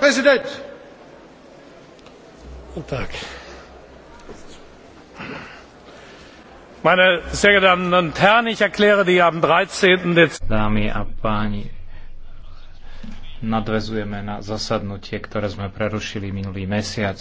prezident! Tak. Meine sehr geehrten Damen und Herren, ich erkläre die am 13. Dezember. Dámy a páni, nadvezujeme na zasadnutie, ktoré sme prerušili minulý mesiac.